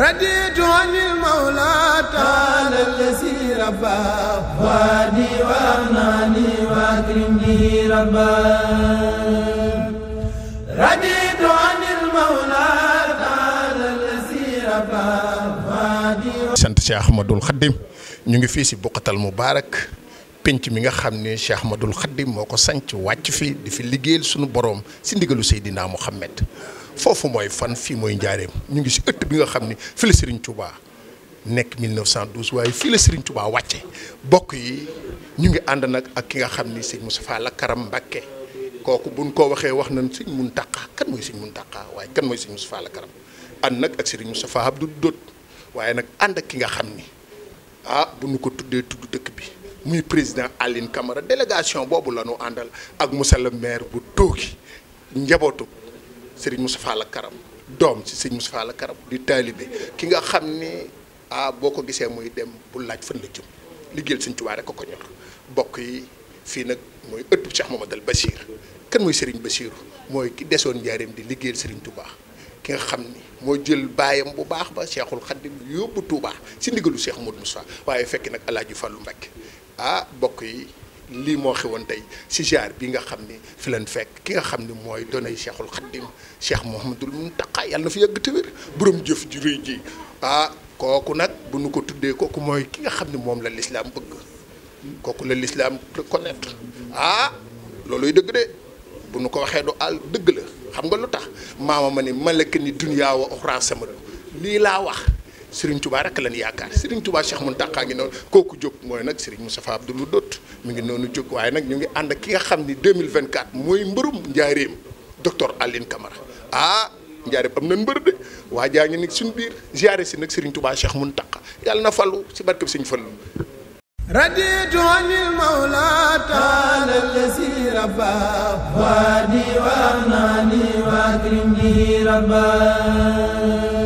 رديت عن المولى تعالى الذي ربى وادي وأغناني وأكرمني ربا رديت عن المولى تعالى الذي ربى وادي sant Cheikh احمد الخدم ñu ngi fii si Buqatal Moubarak pénc mi nga xam ne Cheikh Ahmadul Khadim moo ko sanc wàcc fii di fi liggéeyal sunu borom si ndigalu Seydina Mouhamed foofu mooy fan fii mooy njaareem ñu ngi si ëtt bi nga xam ne fii la Serigne Touba nekk 1912 waaye fii la Serigne Touba wàcce bokk yi ñu ngi ànd nag ak ki nga xam ni sëñ Moustapha la Karam Mbakke kooku buñ ko waxee wax nañ sëñ Muntaqa kan mooy sëñ Muntaqa waaye kan mooy sëñ Moustapha la Karam ànd nag ak Serigne Moustapha Abdou Dot waaye nag ànd ak ki nga xam ni ah bu nu ko tuddee tudd dëkk bi. muy président Aline Camara délégation boobu la ñu àndal ak monsieur le maire bu Tooki njabootu sëriñ Moustapha la Karam doom ci Serigne Moustapha la Karam di taalibe ki nga xam ni ah boo ko gisee muy dem bu laaj fan la jëm liggéeyal Serigne tubaa rek ko ko ñor bokk yi fii nag mooy ëttu Cheikh Mamadou Bachir kenn mooy Serigne Bachir mooy ki desoon njaareem di liggéeyal Serigne Touba ki nga xam ni moo jël baayam bu baax ba Cheikhul Khadim yóbbu Touba si ndigalu Cheikh Modou Moustapha waaye fekk nag El Hadj Fallou ah bokk yi lii moo xewoon tey si ziar bi nga xam ni fi lan fekk ki nga xam ni mooy donay cheikhul xaddim cheikh mouhamadul muntaqa yàlla na fi yàgg te wér borom jëf ju ji ah kooku nag bu nu ko tuddee kooku mooy ki nga xam ni moom la lislaam bëgg kooku la lislaam reconnaître ah looluy dëgg de bu nu ko waxee du àll dëgg la xam nga lu tax maama ma ni malaka ni dunyaa wa oxra sama lii laa wax Serigne Touba rek lan yaakaar Serigne Touba Cheikh Mountakha ngi noonu kooku jóg mooy nag Serigne Moustapha Abdoulou Dott mi ngi noonu jóg waaye nag ñu ngi ànd ki nga xam ni 2024 mooy mbërum njaareem docteur Aline Camara ah njaareem am na mbër de waa jaa ngi ni suñu biir ziare si nag Serigne Touba Cheikh Mountakha yàlla na fallu si barkeb Serigne Fallu raditu anil mawla taala allazi rabba wadi wa anani